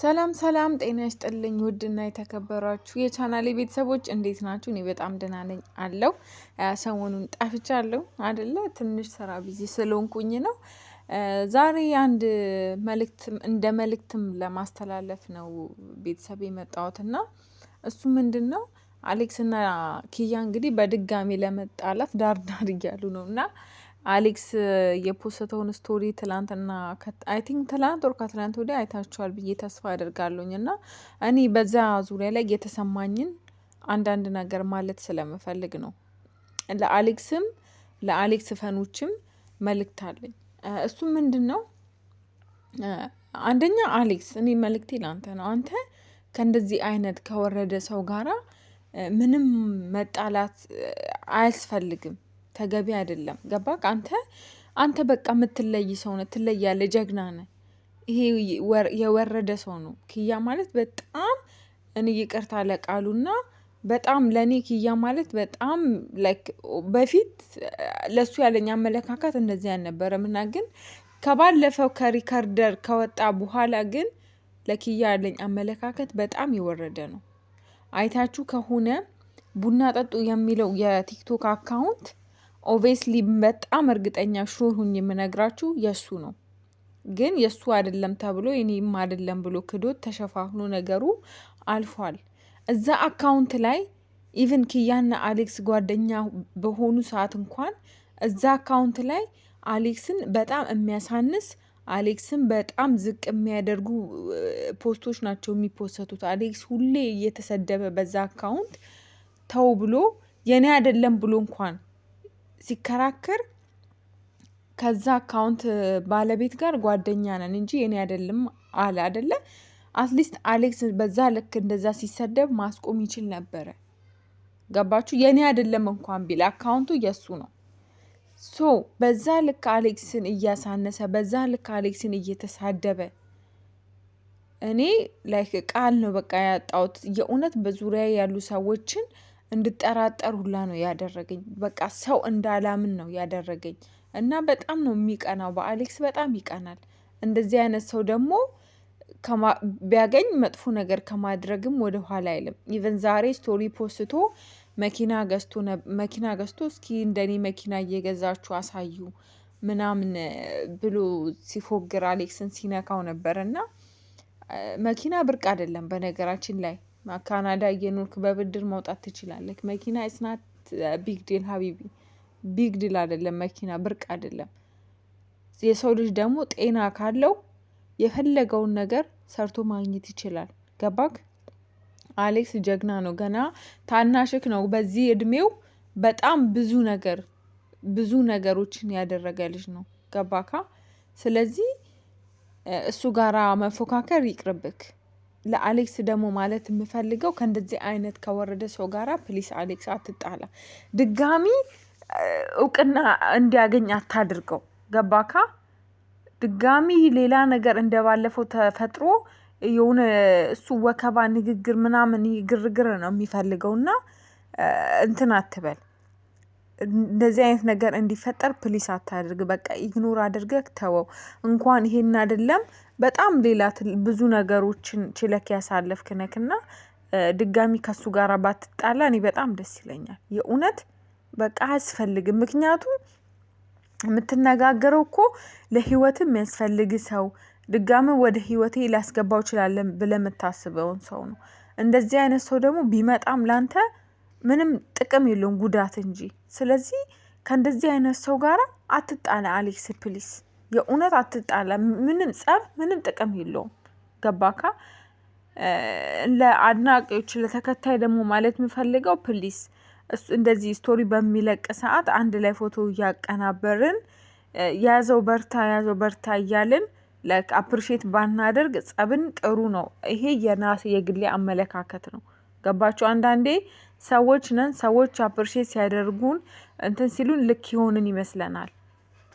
ሰላም ሰላም፣ ጤና ይስጥልኝ ውድና የተከበራችሁ የቻናሌ ቤተሰቦች እንዴት ናችሁ? እኔ በጣም ደህና ነኝ አለው። ሰሞኑን ጠፍቻለሁ አይደለ? ትንሽ ስራ ቢዚ ስለሆንኩኝ ነው። ዛሬ አንድ መልእክት እንደ መልእክትም ለማስተላለፍ ነው ቤተሰብ የመጣሁትና እሱ ምንድን ነው አሌክስና ኪያ እንግዲህ በድጋሚ ለመጣላት ዳርዳር እያሉ ነው እና አሌክስ የፖሰተውን ስቶሪ ትላንትና አይ ቲንክ ትላንት ወር ከትላንት ወዲያ አይታችኋል ብዬ ተስፋ አደርጋለሁኝ። እና እኔ በዛ ዙሪያ ላይ የተሰማኝን አንዳንድ ነገር ማለት ስለምፈልግ ነው። ለአሌክስም ለአሌክስ ፈኖችም መልእክት አለኝ። እሱ ምንድን ነው? አንደኛ አሌክስ፣ እኔ መልእክቴ ለአንተ ነው። አንተ ከእንደዚህ አይነት ከወረደ ሰው ጋራ ምንም መጣላት አያስፈልግም። ተገቢ አይደለም። ገባክ አንተ አንተ በቃ የምትለይ ሰው ነህ፣ ትለያለህ፣ ጀግና ነህ። ይሄ የወረደ ሰው ነው ክያ ማለት በጣም እኔ ይቅርታ ለቃሉና በጣም ለእኔ ክያ ማለት በጣም ላይክ በፊት ለሱ ያለኝ አመለካከት እንደዚህ አልነበረ ምና ግን ከባለፈው ከሪከርደር ከወጣ በኋላ ግን ለክያ ያለኝ አመለካከት በጣም የወረደ ነው። አይታችሁ ከሆነ ቡና ጠጡ የሚለው የቲክቶክ አካውንት ኦቬስሊ በጣም እርግጠኛ ሹር ሁኝ የምነግራችሁ የእሱ ነው። ግን የእሱ አይደለም ተብሎ የኔም አይደለም ብሎ ክዶት ተሸፋፍኖ ነገሩ አልፏል። እዛ አካውንት ላይ ኢቨን ኪያና አሌክስ ጓደኛ በሆኑ ሰዓት እንኳን እዛ አካውንት ላይ አሌክስን በጣም የሚያሳንስ አሌክስን በጣም ዝቅ የሚያደርጉ ፖስቶች ናቸው የሚፖሰቱት። አሌክስ ሁሌ እየተሰደበ በዛ አካውንት ተው ብሎ የኔ አይደለም ብሎ እንኳን ሲከራከር ከዛ አካውንት ባለቤት ጋር ጓደኛ ነን እንጂ የኔ አይደለም አለ አደለ። አትሊስት አሌክስ በዛ ልክ እንደዛ ሲሰደብ ማስቆም ይችል ነበረ። ገባችሁ? የኔ አይደለም እንኳን ቢል አካውንቱ የእሱ ነው። ሶ በዛ ልክ አሌክስን እያሳነሰ በዛ ልክ አሌክስን እየተሳደበ እኔ ላይክ ቃል ነው በቃ ያጣሁት የእውነት በዙሪያ ያሉ ሰዎችን እንድጠራጠር ሁላ ነው ያደረገኝ። በቃ ሰው እንዳላምን ነው ያደረገኝ እና በጣም ነው የሚቀናው በአሌክስ በጣም ይቀናል። እንደዚህ አይነት ሰው ደግሞ ቢያገኝ መጥፎ ነገር ከማድረግም ኋላ አይልም። ኢቨን ዛሬ ስቶሪ ፖስቶ መኪና ገዝቶ መኪና ገዝቶ እስኪ እንደኔ መኪና እየገዛችሁ አሳዩ ምናምን ብሎ ሲፎግር አሌክስን ሲነካው ነበር። እና መኪና ብርቅ አይደለም በነገራችን ላይ ካናዳ እየኖርክ በብድር መውጣት ትችላለህ። መኪና ስናት ቢግ ዲል ሀቢቢ ቢግ ዲል አይደለም መኪና ብርቅ አይደለም። የሰው ልጅ ደግሞ ጤና ካለው የፈለገውን ነገር ሰርቶ ማግኘት ይችላል። ገባክ? አሌክስ ጀግና ነው ገና ታናሽክ ነው በዚህ እድሜው በጣም ብዙ ነገር ብዙ ነገሮችን ያደረገ ልጅ ነው። ገባካ? ስለዚህ እሱ ጋራ መፎካከር ይቅርብክ ለአሌክስ ደግሞ ማለት የምፈልገው ከእንደዚህ አይነት ከወረደ ሰው ጋራ ፕሊስ አሌክስ አትጣላ። ድጋሚ እውቅና እንዲያገኝ አታድርገው። ገባካ? ድጋሚ ሌላ ነገር እንደባለፈው ተፈጥሮ የሆነ እሱ ወከባ፣ ንግግር ምናምን ግርግር ነው የሚፈልገው እና እንትን አትበል። እንደዚህ አይነት ነገር እንዲፈጠር ፕሊስ አታድርግ። በቃ ኢግኖር አድርገህ ተወው። እንኳን ይሄን አይደለም በጣም ሌላ ብዙ ነገሮችን ችለክ ያሳለፍክ ነክና ድጋሚ ከሱ ጋር ባትጣላ እኔ በጣም ደስ ይለኛል። የእውነት በቃ አያስፈልግም። ምክንያቱም የምትነጋገረው እኮ ለህይወትም የሚያስፈልግ ሰው ድጋሚ ወደ ህይወቴ ላስገባው ይችላለን ብለህ የምታስበውን ሰው ነው። እንደዚህ አይነት ሰው ደግሞ ቢመጣም ላንተ ምንም ጥቅም የለውም ጉዳት እንጂ። ስለዚህ ከእንደዚህ አይነት ሰው ጋር አትጣላ አሌክስ ፕሊስ የእውነት አትጣላ። ምንም ጸብ ምንም ጥቅም የለውም። ገባካ? ለአድናቂዎች ለተከታይ ደግሞ ማለት የምፈልገው ፕሊስ እንደዚህ ስቶሪ በሚለቅ ሰዓት አንድ ላይ ፎቶ እያቀናበርን ያዘው በርታ ያዘው በርታ እያልን ላይክ አፕሪሼት ባናደርግ ጸብን ጥሩ ነው። ይሄ የናስ የግሌ አመለካከት ነው። ገባችሁ? አንዳንዴ ሰዎች ነን ሰዎች አፕርሼት ሲያደርጉን እንትን ሲሉን ልክ የሆንን ይመስለናል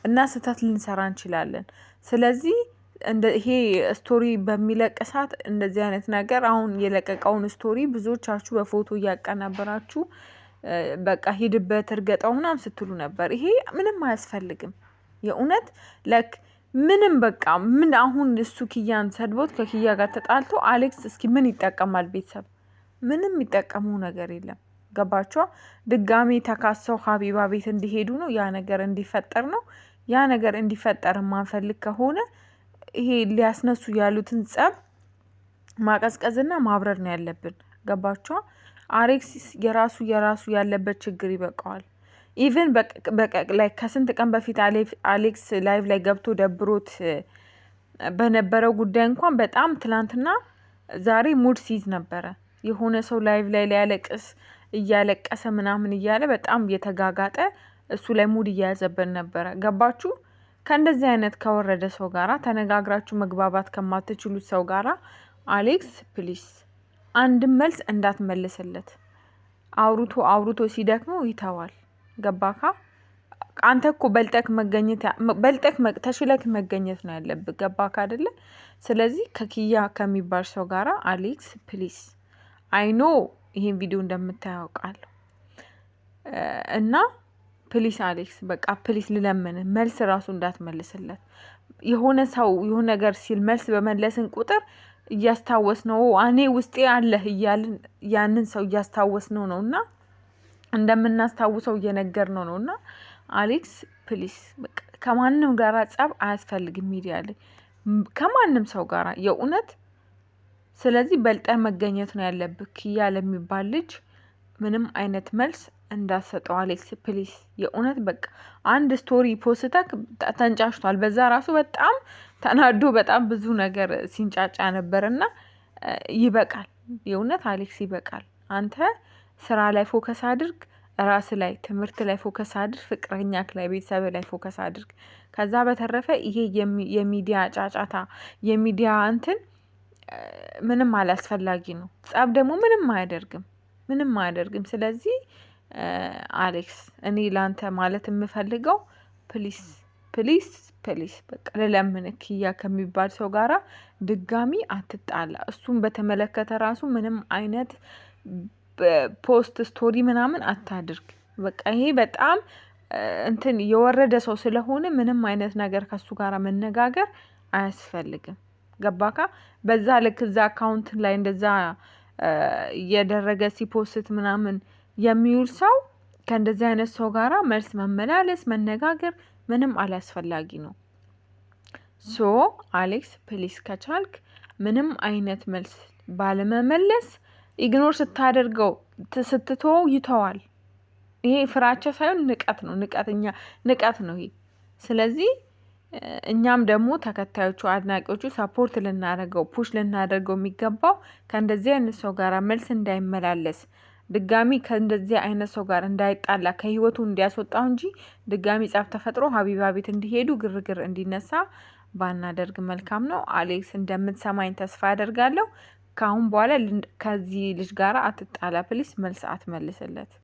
እና ስህተት ልንሰራ እንችላለን። ስለዚህ ይሄ ስቶሪ በሚለቅ ሰዓት እንደዚህ አይነት ነገር አሁን የለቀቀውን ስቶሪ ብዙዎቻችሁ በፎቶ እያቀናበራችሁ በቃ ሂድበት እርገጠው ምናምን ስትሉ ነበር። ይሄ ምንም አያስፈልግም። የእውነት ለክ ምንም በቃ ምን አሁን እሱ ኪያን ሰድቦት ከክያ ጋር ተጣልቶ አሌክስ እስኪ ምን ይጠቀማል ቤተሰብ ምንም የሚጠቀሙ ነገር የለም። ገባችኋ? ድጋሚ ተካሰው ሀቢባ ቤት እንዲሄዱ ነው። ያ ነገር እንዲፈጠር ነው። ያ ነገር እንዲፈጠር የማንፈልግ ከሆነ ይሄ ሊያስነሱ ያሉትን ጸብ ማቀዝቀዝና ማብረር ነው ያለብን። ገባችኋ? አሌክስ የራሱ የራሱ ያለበት ችግር ይበቃዋል። ኢቨን ላይ ከስንት ቀን በፊት አሌክስ ላይቭ ላይ ገብቶ ደብሮት በነበረው ጉዳይ እንኳን በጣም ትላንትና ዛሬ ሙድ ሲይዝ ነበረ። የሆነ ሰው ላይቭ ላይ ሊያለቅስ እያለቀሰ ምናምን እያለ በጣም እየተጋጋጠ እሱ ላይ ሙድ እያያዘብን ነበረ። ገባችሁ? ከእንደዚህ አይነት ከወረደ ሰው ጋራ ተነጋግራችሁ መግባባት ከማትችሉት ሰው ጋራ አሌክስ ፕሊስ አንድም መልስ እንዳትመልስለት። አውርቶ አውርቶ ሲደክመው ይተዋል። ገባካ? አንተ እኮ በልጠክ መገኘት በልጠክ ተሽለክ መገኘት ነው ያለብህ። ገባካ አይደለ? ስለዚህ ከኪያ ከሚባል ሰው ጋራ አሌክስ ፕሊስ አይኖ ይሄን ቪዲዮ እንደምታያውቃለሁ እና ፕሊስ አሌክስ በቃ ፕሊስ ልለምን መልስ ራሱ እንዳትመልስለት። የሆነ ሰው የሆነ ነገር ሲል መልስ በመለስን ቁጥር እያስታወስ ነው እኔ ውስጤ አለህ እያልን ያንን ሰው እያስታወስ ነው ነው እና እንደምናስታውሰው እየነገር ነው ነው እና አሌክስ ፕሊስ ከማንም ጋር ጸብ አያስፈልግም። ሚዲያ ላይ ከማንም ሰው ጋር የእውነት ስለዚህ በልጠህ መገኘት ነው ያለብህ ክያ ለሚባል ልጅ ምንም አይነት መልስ እንዳትሰጠው አሌክስ ፕሊስ። የእውነት በቃ አንድ ስቶሪ ፖስተክ ተንጫጭቷል። በዛ ራሱ በጣም ተናዶ በጣም ብዙ ነገር ሲንጫጫ ነበር እና ይበቃል። የእውነት አሌክስ ይበቃል። አንተ ስራ ላይ ፎከስ አድርግ፣ ራስ ላይ ትምህርት ላይ ፎከስ አድርግ፣ ፍቅረኛ ላይ ቤተሰብ ላይ ፎከስ አድርግ። ከዛ በተረፈ ይሄ የሚዲያ ጫጫታ የሚዲያ እንትን ምንም አላስፈላጊ ነው። ጸብ ደግሞ ምንም አያደርግም ምንም አያደርግም። ስለዚህ አሌክስ እኔ ላንተ ማለት የምፈልገው ፕሊስ ፕሊስ ፕሊስ በቃ ልለምንህ ክያ ከሚባል ሰው ጋራ ድጋሚ አትጣላ። እሱን በተመለከተ ራሱ ምንም አይነት ፖስት ስቶሪ ምናምን አታድርግ። በቃ ይሄ በጣም እንትን የወረደ ሰው ስለሆነ ምንም አይነት ነገር ከሱ ጋራ መነጋገር አያስፈልግም። ገባካ? በዛ ልክ እዛ አካውንት ላይ እንደዛ እየደረገ ሲፖስት ምናምን የሚውል ሰው ከእንደዚህ አይነት ሰው ጋራ መልስ መመላለስ መነጋገር ምንም አላስፈላጊ ነው። ሶ አሌክስ ፕሊስ ከቻልክ ምንም አይነት መልስ ባለመመለስ ኢግኖር ስታደርገው ስትቶ ይተዋል። ይሄ ፍራቻ ሳይሆን ንቀት ነው። ንቀተኛ ንቀት ነው ይሄ። ስለዚህ እኛም ደግሞ ተከታዮቹ አድናቂዎቹ ሰፖርት ልናደርገው ፑሽ ልናደርገው የሚገባው ከእንደዚህ አይነት ሰው ጋር መልስ እንዳይመላለስ ድጋሚ ከእንደዚህ አይነት ሰው ጋር እንዳይጣላ ከህይወቱ እንዲያስወጣው እንጂ ድጋሚ ጸብ ተፈጥሮ ሀቢባ ቤት እንዲሄዱ ግርግር እንዲነሳ ባናደርግ መልካም ነው። አሌክስ እንደምትሰማኝ ተስፋ አደርጋለሁ። ከአሁን በኋላ ከዚህ ልጅ ጋር አትጣላ ፕሊስ። መልስ አትመልስለት።